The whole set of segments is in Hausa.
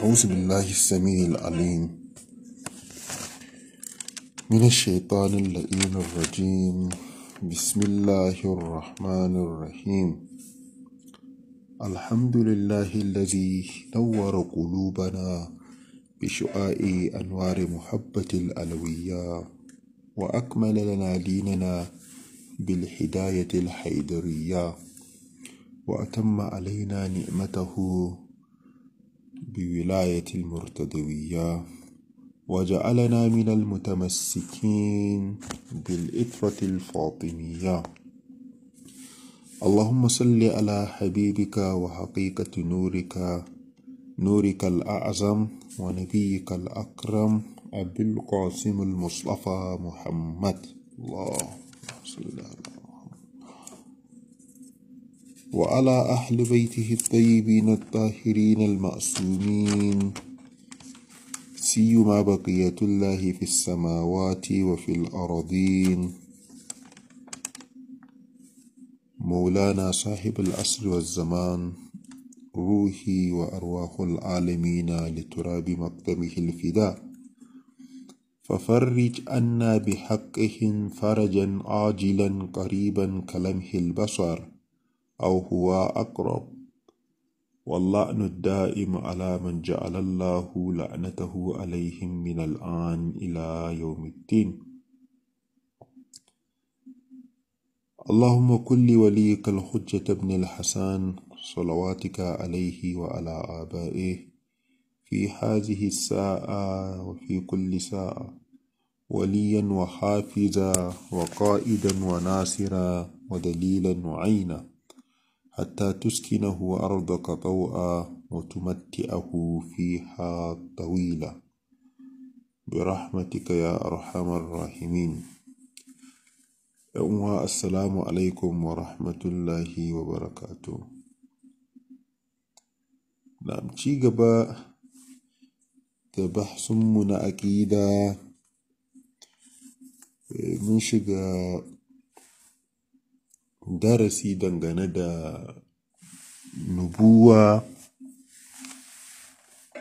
أعوذ بالله السميع العليم من الشيطان اللئيم الرجيم بسم الله الرحمن الرحيم الحمد لله الذي نور قلوبنا بشعاع أنوار محبة الألوية وأكمل لنا ديننا بالهداية الحيدرية وأتم علينا نعمته بولاية المرتدوية وجعلنا من المتمسكين بالإطرة الفاطمية اللهم صل على حبيبك وحقيقة نورك نورك الأعظم ونبيك الأكرم أبي القاسم المصطفى محمد الله صلى الله عليه وسلم وعلى أهل بيته الطيبين الطاهرين المأسومين سيما بقية الله في السماوات وفي الأرضين مولانا صاحب العصر والزمان روحي وأرواح العالمين لتراب مقدمه الفداء ففرج أنا بحقهم فرجا عاجلا قريبا كلمه البصر أو هو أقرب واللعن الدائم على من جعل الله لعنته عليهم من الآن إلى يوم الدين اللهم كن لوليك الحجة بن الحسن صلواتك عليه وعلى آبائه في هذه الساعة وفي كل ساعة وليا وحافظا وقائدا وناصرا ودليلا وعينا حتى تسكنه أرضك طوعا وتمتئه فيها طويلا برحمتك يا أرحم الراحمين ‘Yan'uwa Assalamu alaikum wa rahmatullahi wa barakatu. Na ci gaba da bahsunmu na aƙida mun shiga darasi dangane da nubuwa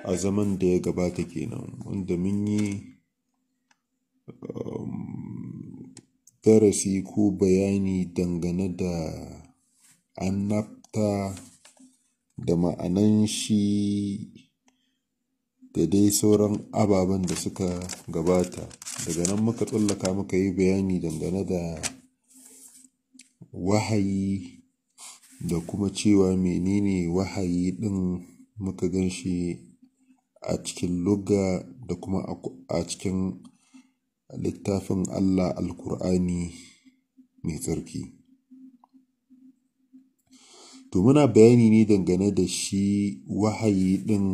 a zaman da ya gabata kenan wanda mun yi um, darasi ko bayani dangane da annabta da ma'anan shi da dai sauran ababen da suka gabata daga nan muka tsallaka muka yi bayani dangane da wahayi da kuma cewa menene wahayi ɗin muka gan shi a cikin lugga da kuma a cikin littafin Allah Alkur'ani mai tsarki. To muna bayani ne dangane da shi wahayi ɗin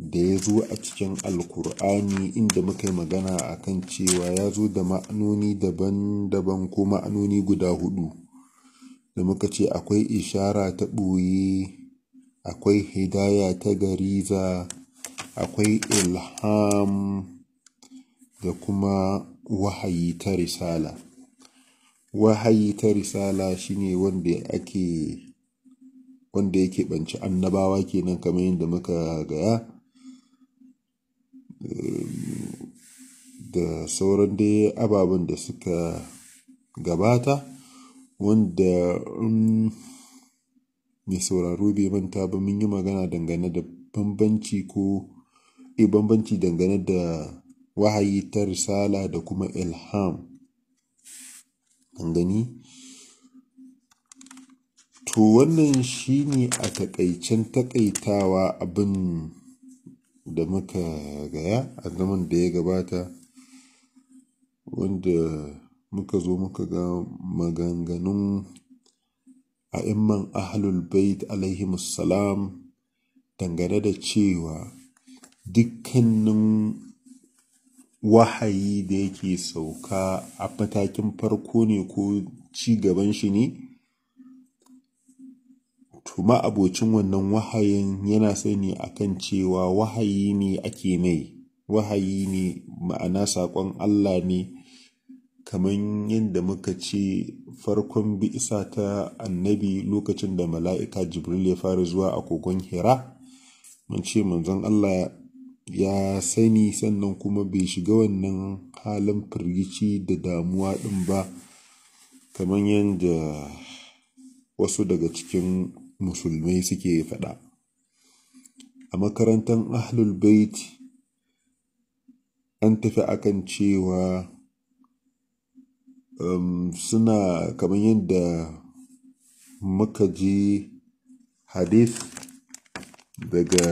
da ya zo a cikin Alkur'ani inda muka yi magana a kan cewa ya zo da ma'anoni daban-daban ko ma'anoni guda hudu da muka ce akwai ishara ta ɓoye akwai hidaya ta gariza akwai ilham da kuma wahayi ta risala wahayi ta risala shine wanda ake wanda yake ɓanci annabawa kenan kamar yadda muka gaya da sauran dai ababen da suka gabata wanda in um, mai sauraro bai manta ba mun yi magana dangane da bambanci ko e bambanci dangane da wahayi ta risala da kuma ilham gani to wannan shine a takaicen takaitawa abin da muka gaya a zaman da ya gabata wanda muka zo muka ga maganganun a'imman ahlul bait alaihimussalam dangane da cewa dukkanin wahayi da yake sauka a matakin farko ne ko ci gaban shi ne kuma abocin wannan wahayin yana sani akan cewa wahayi ne ake mai wahayi ne ma'ana saƙon Allah ne kamar yadda muka ce farkon bisa ta annabi lokacin da mala'ika jibril ya fara zuwa a kogon hira mun ce manzon Allah ya sani sannan kuma bai shiga wannan halin firgici da damuwa ɗin ba kamar yadda wasu daga cikin musulmai suke faɗa a makarantar ahlul bait an tafi akan cewa um, suna kamar yadda muka ji hadith daga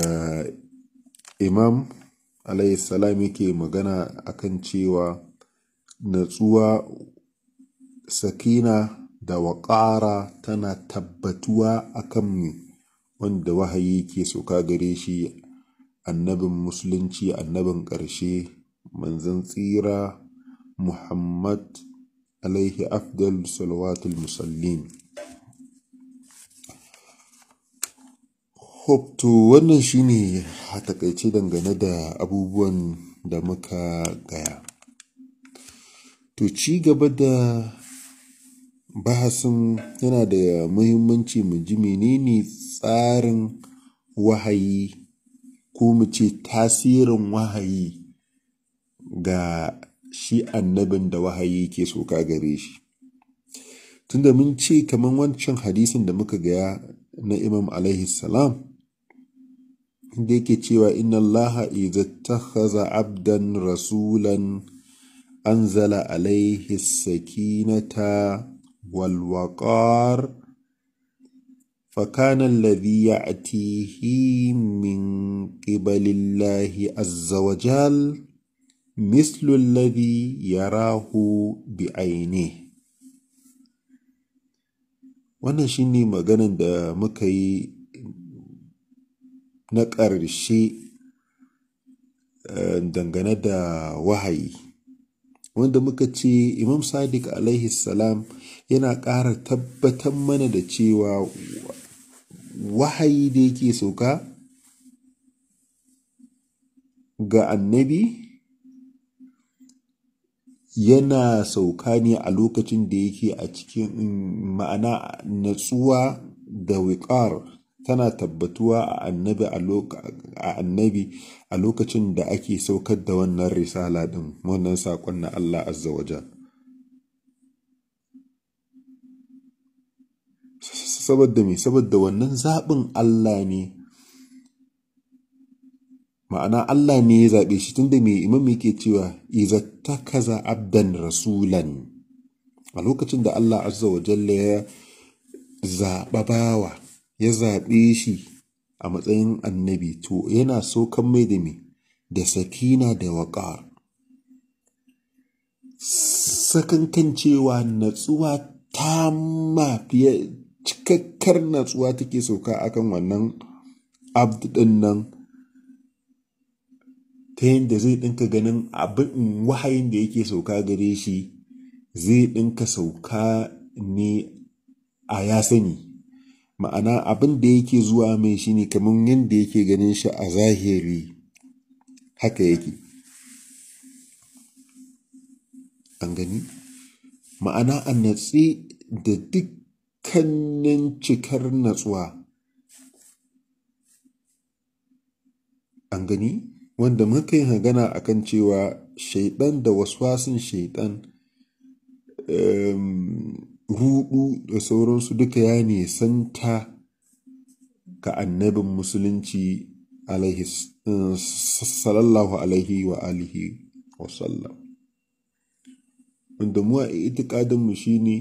imam salam yake magana akan cewa natsuwa sakina da waƙara tana tabbatuwa a kan wanda wahayi ke sauka gare shi annabin musulunci annabin ƙarshe manzan tsira muhammad alaihi afdal salawatul musallin to wannan shine a takaice dangane da abubuwan da muka gaya to ci gaba da bahasin yana da muhimmanci mu ji menene tsarin wahayi ko mu ce tasirin wahayi ga shi annabin da wahayi ke soka gare shi tunda mun ce kamar wancan hadisin da muka gaya na imam alaihi salam inda yake cewa inna allaha idza abdan rasulan anzala alaihi sakinata والوقار فكان الذي يأتيه من قبل الله عز وجل مثل الذي يراه بعينه wannan shi ne maganan da muka yi na ƙarshe eh, dangane da wahayi wanda muka ce imam sadiq alaihi yana ƙara tabbatar mana da cewa wahayi da yake sauka ga annabi yana sauka ne a lokacin da yake a cikin ma'ana natsuwa da wikar tana tabbatuwa a annabi a lokacin da ake saukar da wannan risala din wannan saƙon na Allah azza wajen. saboda me saboda wannan zaɓin Allah ne ma'ana Allah ne ya zaɓe shi tunda mai imam yake cewa iza kaza abdan rasulan a lokacin da Allah azza wa jalla ya zaɓa bawa ya zaɓe shi a matsayin annabi to yana saukan mai da me da sakina da waƙa sakankan cewa natsuwa ta ma cikakkar natsuwa take sauka akan wannan abd nan ta yadda zai ɗinka ganin abin wahayin da yake sauka gare shi zai ɗinka sauka ne a ya sani ma'ana abin da yake zuwa mai shi ne kamar yadda yake ganin shi a zahiri haka yake an gani ma'ana a natsi da duk dukkanin cikar natsuwa an gani wanda muka yi hagana a kan cewa shaiɗan da waswasin shaiɗan rudu da sauransu duka ya nisanta ga annabin musulunci eh, sallallahu alaihi wa alihi wasallam wanda mu a itikadinmu shine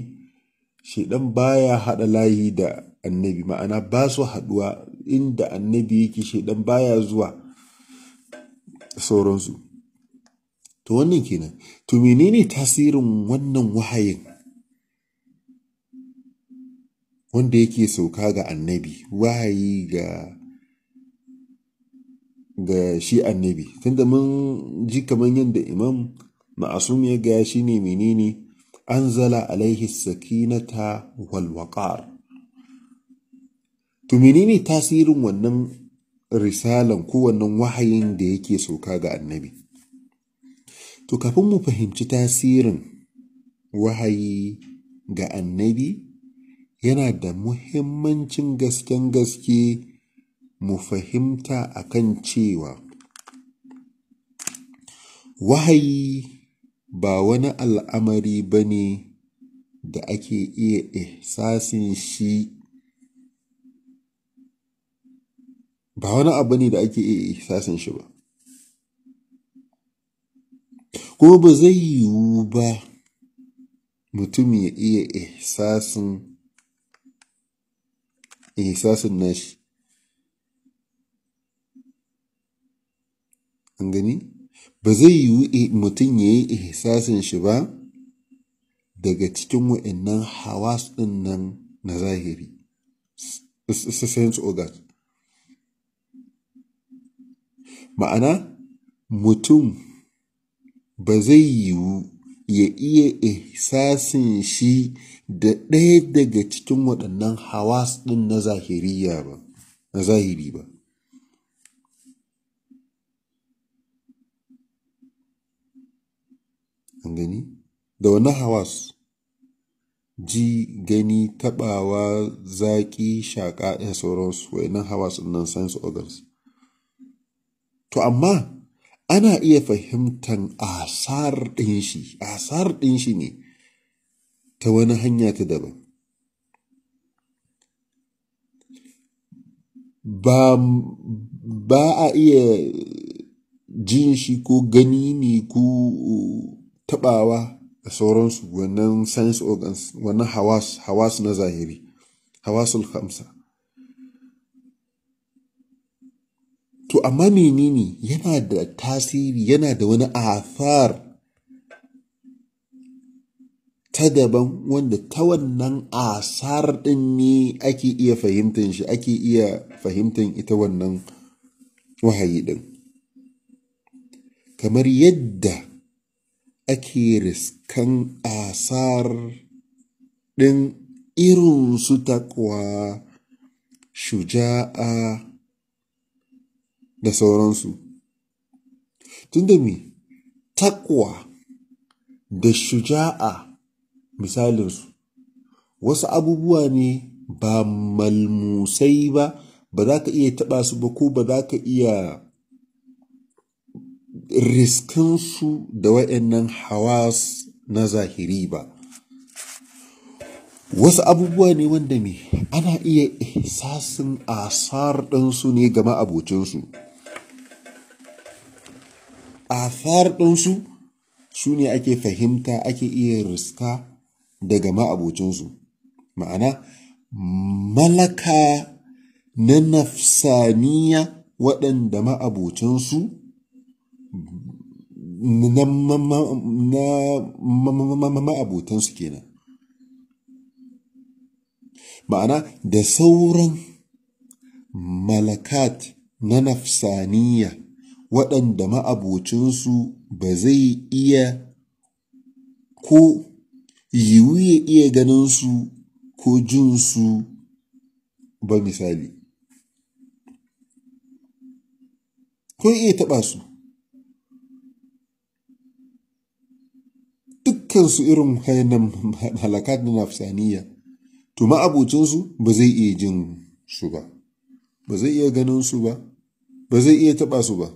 shedan baya hada layi da annabi ma'ana ba su haduwa inda annabi yake shedan baya zuwa sauransu to wannan kenan to menene tasirin wannan wahayin wanda yake sauka ga annabi wahayi ga ga shi annabi tunda mun ji kamar yadda imam ma'asum ya gaya shi ne menene anzala alaihi sakinata walwakar waqar tasirin wannan risalan ko wannan wahayin da yake sauka ga annabi to kafin mu fahimci tasirin wahayi ga annabi yana da muhimmancin gasken gaske mu fahimta akan cewa wahayi ba wani al'amari ba ne da ake iya ihsasin shi ba wani abu ne da ake iya ihsasin shi ba ko ba zai yiwu ba mutum ya iya ihsasin ihsasin nashi an gani ba zai yiwu mutum ya yi ihsasin shi ba daga cikin wa'annan hawas ɗin nan na zahiri ma'ana mutum ba zai yiwu ya iya ihsasin shi da ɗaya daga cikin waɗannan hawas ɗin na zahiri ba gani da wani hawas ji gani tabawa zaƙi shaƙa da sauransu wayannan hawas nan sense organs to amma ana iya fahimtan asar ɗin shi asar ɗin shi ne ta wani hanya ta daban ba, ba a iya jin shi ko gani ne ko taɓawa da sauransu wannan science organs wannan hawas hawas na zahiri hawasul hamsa to amma menene yana da tasiri yana da wani afar ta daban wanda ta wannan asar ɗin ne ake iya fahimtar shi ake iya fahimtar ita wannan wahayi ɗin kamar yadda ake riskan asar ɗin irin su takwa shuja'a da sauransu tunda mi takwa da shuja'a misalinsu wasu abubuwa ne ba malmusai ba ba za ka iya taɓa su ba ko ba za ka iya riskansu da wa'annan hawas na zahiri ba wasu abubuwa ne wanda me ana iya ihsasin asar ɗinsu ne ga ma'abocinsu asar ɗinsu su ne ake fahimta ake iya riska daga ma'abocinsu ma'ana malaka na nafsaniya waɗanda ma'abocinsu na ma'abotansu kenan ma'ana da sauran malakat na nafsaniya waɗanda ma'abocinsu ba zai iya ko yiwu ya iya ganinsu ko jinsu ba misali ko iya taɓa su dukkansu irin hayanan halakat na nafsaniya to ma'abocinsu ba zai iya jin su ba ba zai iya ganin su ba ba zai iya taba su ba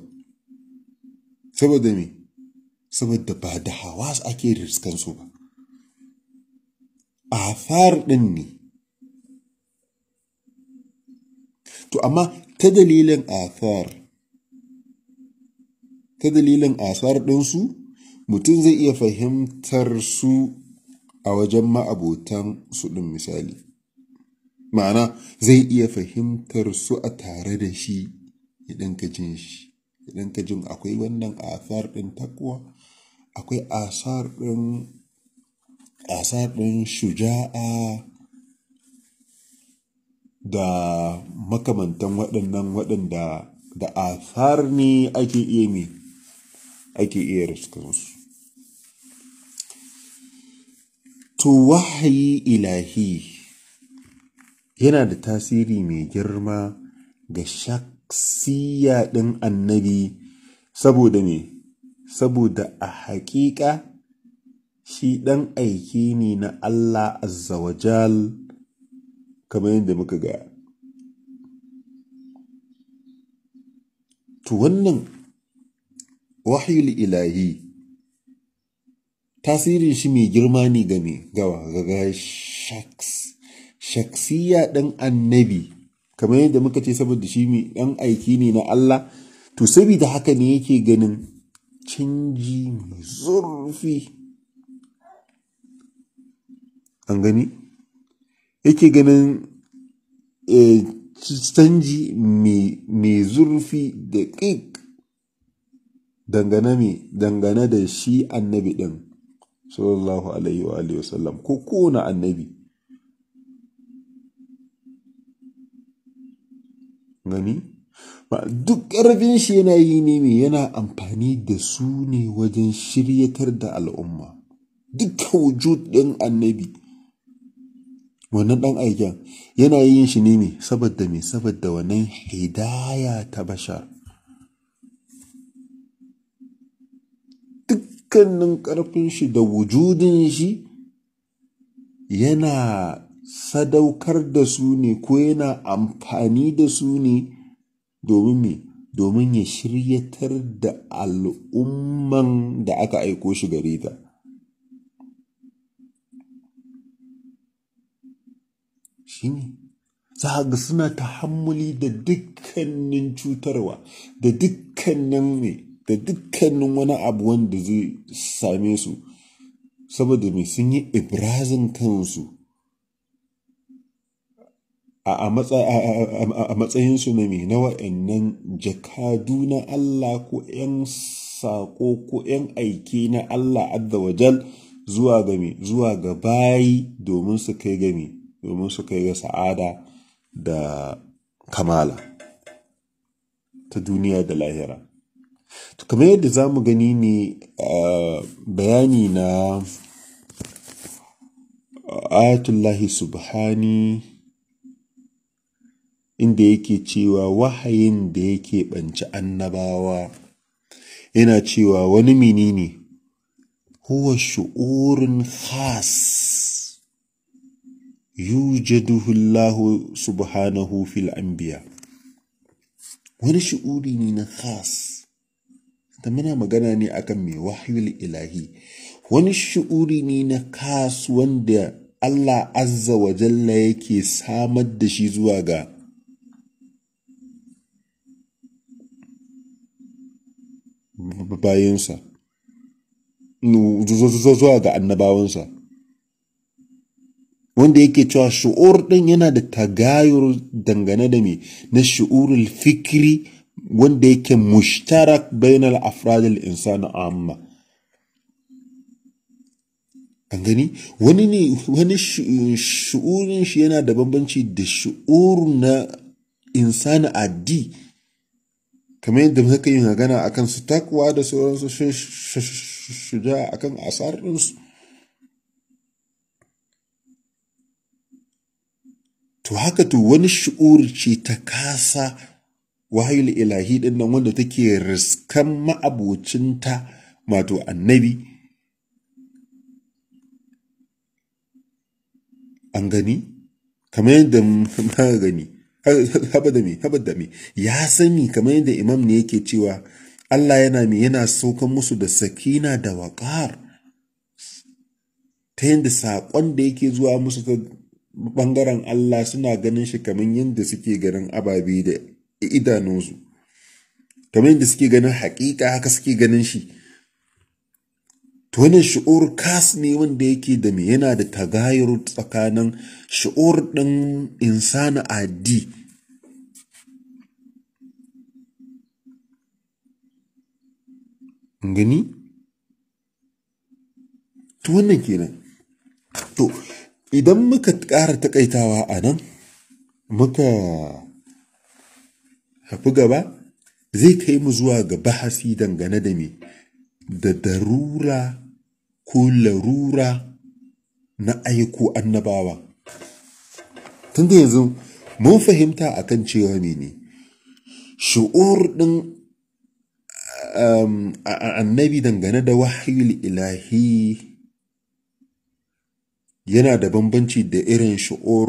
saboda me saboda ba da hawa ake riskan su ba a far ɗin ne to amma ta dalilin athar ta dalilin athar ɗinsu mutum zai iya fahimtar su a wajen ma'abotan su ɗin misali ma'ana zai iya fahimtar su a tare da shi idan ka jin shi idan ka jin akwai wannan asar ɗin takwa akwai asar ɗin shuja'a da makamantan waɗannan waɗanda da asar ne ake iya ne ake iya rasu to wahayi ilahi yana da tasiri mai girma ga shaksiya ɗin annabi saboda ne, saboda a haƙiƙa shi ɗan aiki ne na Allah azzawajal kamar yadda muka ga to wannan wahayi ilahi tasirin shi mai girma ne ga me ga shaks shaksiya ɗan annabi kamar yadda muka ce saboda shi mai ɗan aiki ne na Allah to saboda haka ne yake ganin canji zurfi an gani yake ganin eh, canji mai zurfi da ƙiƙ dangane da shi annabi ɗin sallallahu alaihi wa alihi wasallam ko kona annabi gani ba duk ƙarfin shi yana yi ne mai yana amfani da su ne wajen shiryatar da al'umma dukkan wujud ɗin annabi wannan ɗan aikin yana yin shi ne mai saboda mai saboda wannan hidaya ta bashar dukkanin ƙarfin shi da wujudin shi yana sadaukar da su ne ko yana amfani da su ne domin me domin ya shiryatar da al'umman da aka aiko shi gare ta ne. za ga suna ta tahammuli da dukkanin cutarwa da dukkanin me da dukkanin wani abu wanda zai same su saboda mai sun yi ibrazin kansu a matsayin su na mai na wa'annan jakadu na Allah ko 'yan saƙo ko 'yan aiki na Allah adda wajal zuwa ga zuwa ga bayi domin su kai ga domin su kai ga sa'ada da kamala ta duniya da lahira To kamar yadda za mu gani ne a bayani na Ayatullahi Subhani inda yake cewa wahayin da yake banci annabawa yana cewa wani menene huwa shu'urun khas yujaduhu Allahu subhanahu fil anbiya wani shu'uri ne na khas da muna magana ne akan mai wahayul ilahi wani shi'uri ne na kasuwan da Allah azza wa jalla yake samar da shi zuwa ga bayansa zuwa ga annabawansa wanda yake cewa shu'ur ɗin yana da tagayur dangane da mai na shi'urul fikiri. wanda yake mushtarak bainal afradil insani amma an gani wani ne wani shi yana da bambanci da shu'ur na insani addi kamar yadda muka yi magana akan su takwa da sauransu shuja akan asar ɗinsu to haka to wani shu'ur ce ta kasa wahayul ilahi din nan wanda take riskan ma'abocinta wato annabi an gani kamar yadda muka gani haba me haba da me ya sani kamar yadda imam ne yake cewa Allah yana mai yana saukan musu da sakina da waƙar ta yadda saƙon da yake zuwa musu ta ɓangaren Allah suna ganin shi kamar yadda suke ganin ababe da idanunsu kamar yadda suke ganin haƙiƙa haka suke ganin shi to wannan shi'ur kas ne wanda yake da me yana da tagayar tsakanin shi'ur ɗin insana adi gani to wannan kenan to idan muka ƙara taƙaitawa a nan muka tafi gaba zai kai mu zuwa ga bahasi dangane da me da darura ko larura na aiko annabawa tun da yanzu mun fahimta a kan cewa ne shu'ur din um, annabi dangane da wahayul ilahi yana da bambanci da irin shu'ur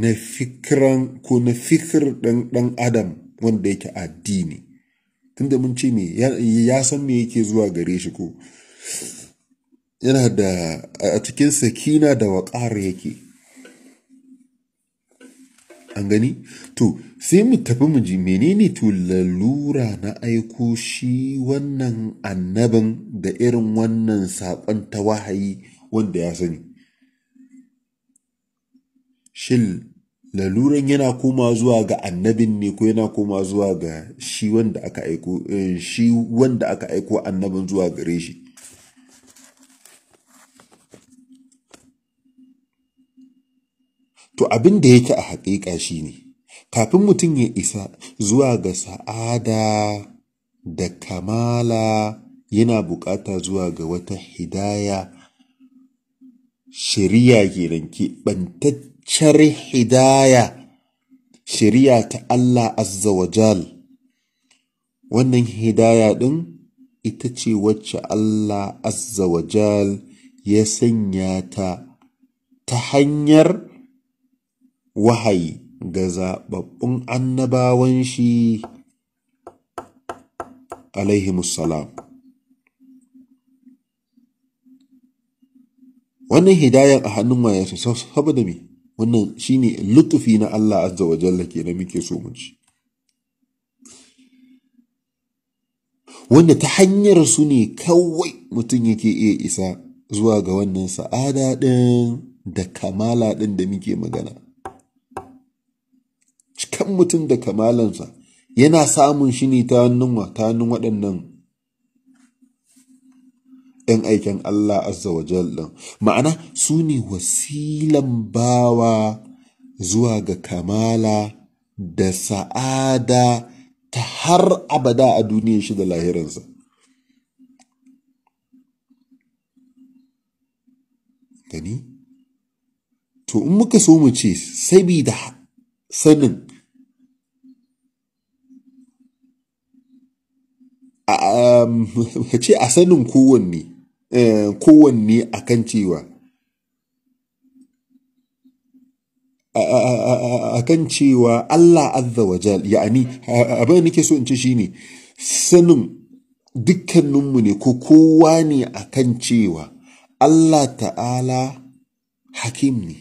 na fikiran ko na fikir ɗan adam wanda yake addini tunda mun ce me ya san me yake zuwa gare shi ko yana da a cikin sakina da waƙar yake an gani to sai mu tafi mu ji menene to lalura na aiko shi wannan annabin da irin wannan saƙon ta wahayi wanda ya sani shil laluran yana koma zuwa ga annabin ne ko yana koma zuwa ga shi wanda aka aiko eh, annabin zuwa gare shi to abin da yake a haƙiƙa ne kafin mutum ya isa zuwa ga sa'ada da kamala yana buƙata zuwa ga wata hidaya shari'a ke keɓantacce cikakkiyar hidaya shari'a ta Allah azza wa jal wannan hidaya ɗin ita ce wacce Allah azza wa jal ya sanya ta ta hanyar wahayi ga zaɓaɓɓun annabawan shi alaihimussalam wannan hidayar a hannun wayarsa saboda me wannan shine lutufi na Allah azza wa jalla kenan muke so mu ci wanda ta hanyar su ne kawai mutum yake iya isa zuwa ga wannan sa'ada ɗin da kamala ɗin da muke magana cikan mutum da kamalansa yana samun shi ne ta hannun waɗannan ‘yan aikin Allah azza wa ɗin ma'ana su ne wasilan bawa zuwa ga kamala da sa'ada ta har abada a duniyar shi da lahirinsa gani to in muka so mu ce sabida sanin a um, ce a sanin kowanne Eh, kowanne kan cewa kan cewa Allah azza wa jal ya'ani abin nake so in ce shine sanin dukkaninmu ne ko kowa ne a kan cewa Allah ta'ala hakim ne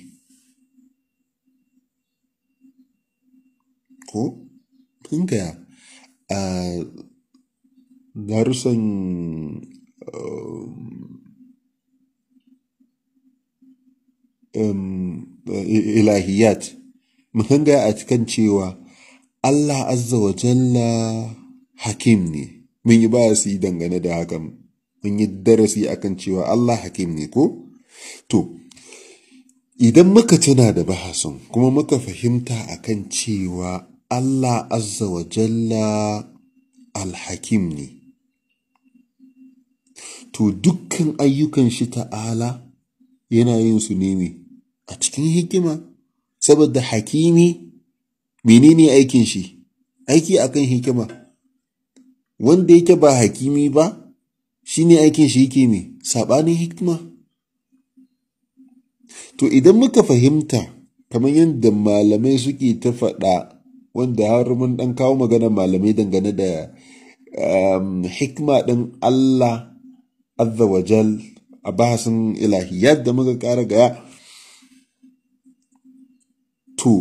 ko kun a ah, darussan Um, um, eh, ilahiyat mu gaya a cikin cewa Allah azza wa jalla hakim ne mun yi bayasi dangane da hakan mun yi darasi akan cewa Allah hakim ne ko to idan muka tuna da bahasun kuma muka fahimta akan cewa Allah azza wa jalla al-hakim ne to dukkan ayyukan shi ta'ala yana yin su ne a cikin hikima saboda hakimi menene aikin shi aiki akan hikima wanda yake ba hakimi ba shine aikin shi yake me sabanin hikima to idan muka fahimta kamar yadda malamai suke ta faɗa wanda har mun ɗan kawo magana malamai dangane da um, hikima ɗin Allah azza wa jal a bahasin ilahiyar da muka kara gaya to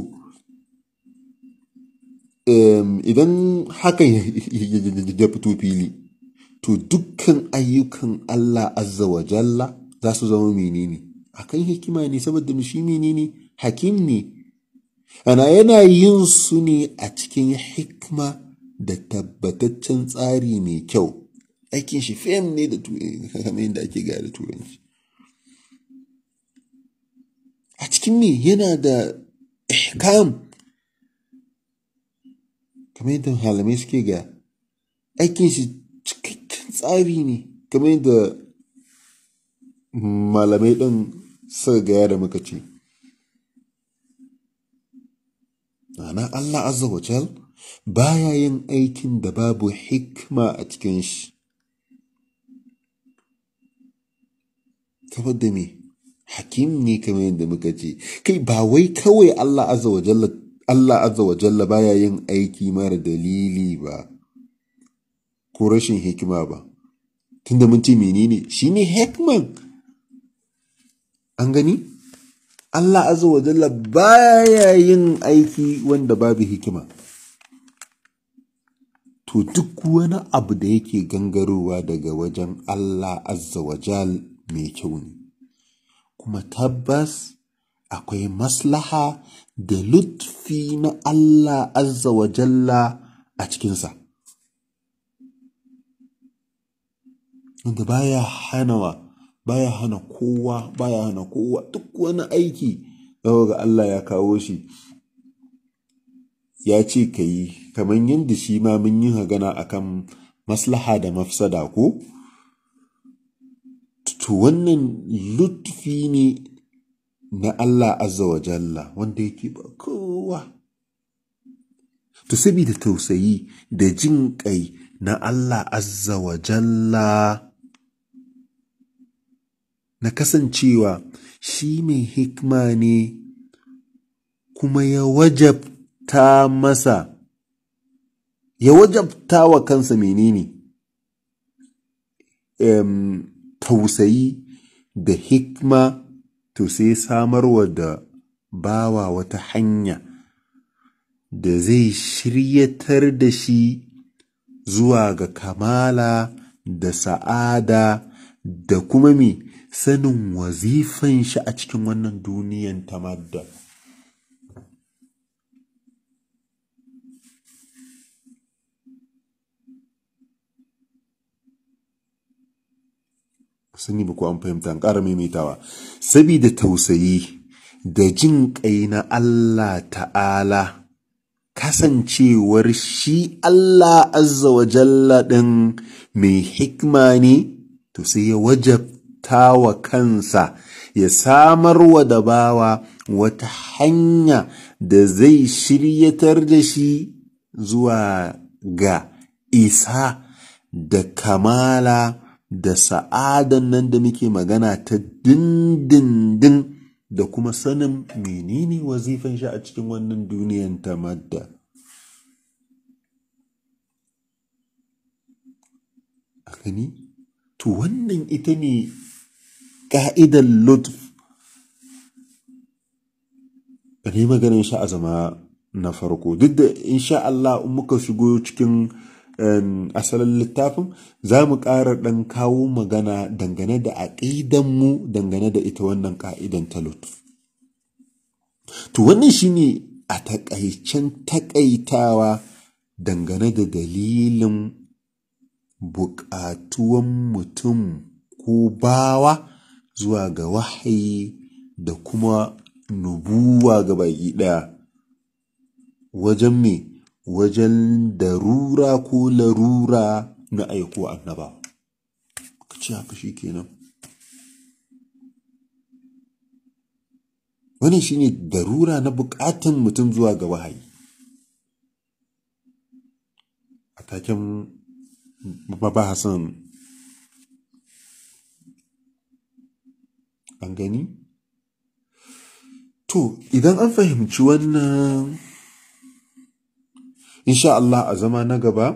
idan hakan ya fito fili to dukkan ayyukan Allah azza wa jalla za su zama menene akan hikima ne saboda shi menene hakim ne ana yana yin su ne a cikin hikima da tabbataccen tsari mai kyau aikin shi fim ne da kamar yadda ake gaya da turanci a cikin me yana da ehkam kamar yadda halamai suke ga aikin shi cikakken tsari ne kamar yadda malamai ɗin suka gaya da muka ce ana Allah azza wa baya yin aikin da babu hikma a cikin shi kawar da me hakim ne kamar yadda muka ce kai ba wai kawai Allah azza wa jalla baya yin aiki mara dalili ba ko rashin hikima ba tunda mun ce menene shi ne hikman an gani Allah azza wa jalla baya yin aiki wanda babu hikima to duk wani abu da yake gangarowa daga wajen Allah azza wa jalla mai kyau ne kuma tabbas akwai maslaha da lutfi na Allah azza wa jalla a cikinsa wanda baya hanawa baya hana kowa baya hana kowa duk wani aiki ga Allah ya kawo shi ya ce ka yi kamar yadda shi ma mun yi hagana akan maslaha da mafsada ko to wannan lutfi ne na Allah azza wa jalla wanda yake ba kowa to saboda tausayi da jin kai na Allah azza wa jalla na kasancewa shi mai hikma ne kuma ya wajabta masa ya wajabta wa kansa menene um, tausayi da hikma to sai samarwa da bawa wata hanya da zai shiryatar da shi zuwa ga kamala da sa'ada da kuma mi sanin wazifan shi a cikin wannan duniyan tamadda. Sun yi muku an fahimta an ƙara maimaitawa sabida tausayi da jin ƙai na Allah ta'ala kasancewar shi Allah azza wa jalla ɗin mai hikma ne to sai ya wajabta wa kansa ya samar wa da bawa wata hanya da zai shiryatar da shi zuwa ga isa da kamala da sa'adan nan da muke magana ta dindindin da kuma sanin menene wazifan shi a cikin wannan duniyan ta madda a gani to wannan ita ne ƙa'idan lutf ne maganin sha a na farko duk da insha Allah in muka shigo cikin Ehm, asalin littafin za mu ƙara ɗan kawo magana dangane da aƙidanmu dangane da ita wannan ƙa'idan ta lutuf to wannan ne a taƙaicen taƙaitawa dangane da dalilin buƙatuwan mutum ko bawa zuwa ga wahayi da kuma nubuwa ga baki ɗaya wajen me wajen darura ko larura na aiko annaba ka ce haka shi kenan wannan shine darura na bukatan mutum zuwa ga wahayi a taken mabahasan an gani to idan an fahimci wannan insha Allah a zama na gaba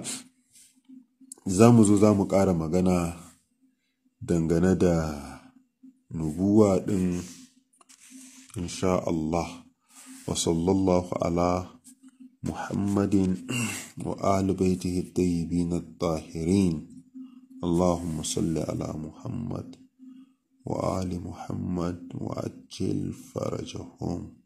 za mu zo za mu ƙara magana dangane da nubuwa ɗin insha Allah wa sallallahu ala محمد وآل بيته الطيبين الطاهرين اللهم صل على محمد وآل محمد وأجل فرجهم